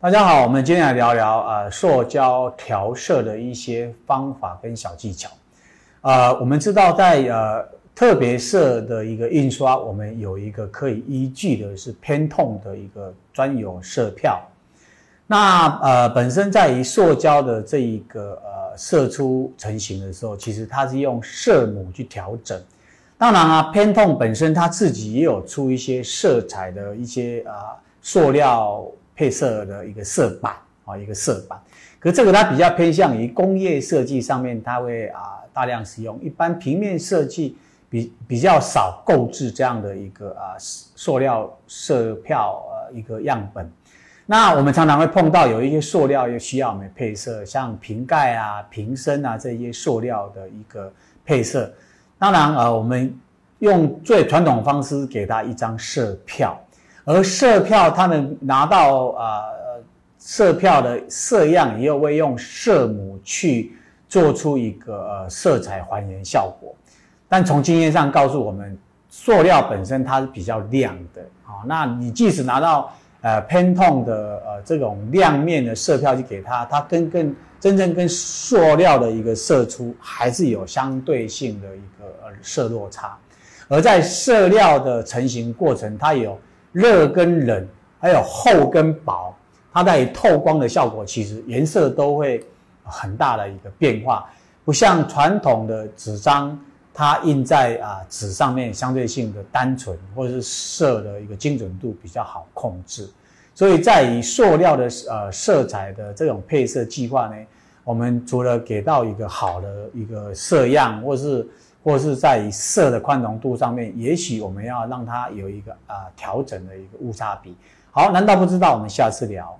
大家好，我們今天來聊聊呃塑膠調色的一些方法跟小技巧。呃，我們知道在呃特別色的一個印刷，我們有一個可以依據的是 Pantone 的一個專有色票。那呃本身在於塑膠的這一個呃射出成型的時候，其實它是用色母去調整。當然啊，啊、Pantone 本身它自己也有出一些色彩的一些啊塑料。配色的一個色板啊，一個色板，可是這個它比較偏向於工業設計上面，它會啊大量使用。一般平面設計比比較少購置這樣的一個啊塑料色票呃、啊、一個樣本。那我們常常會碰到有一些塑料又需要我們配色，像瓶蓋啊、瓶身啊這些塑料的一個配色。當然呃、啊，我們用最傳統的方式給他一張色票。而色票，他們拿到啊，色票的色樣，也會用色母去做出一個呃色彩還原效果。但從經驗上告訴我們，塑料本身它是比較亮的啊。那你即使拿到呃 PANTONE 的呃這種亮面的色票去給它，它跟跟真正跟塑料的一個色出還是有相對性的一個呃色落差。而在色料的成型過程，它有。熱跟冷，還有厚跟薄，它在於透光的效果，其實顏色都會很大的一個變化。不像傳統的紙張，它印在啊紙上面，相對性的單純，或者是色的一個精準度比較好控制。所以在於塑料的呃色彩的這種配色計劃呢，我們除了給到一個好的一個色樣，或是。或是在以色的寬容度上面，也許我們要讓它有一個啊、呃、調整的一個誤差比。好，難道不知道？我們下次聊。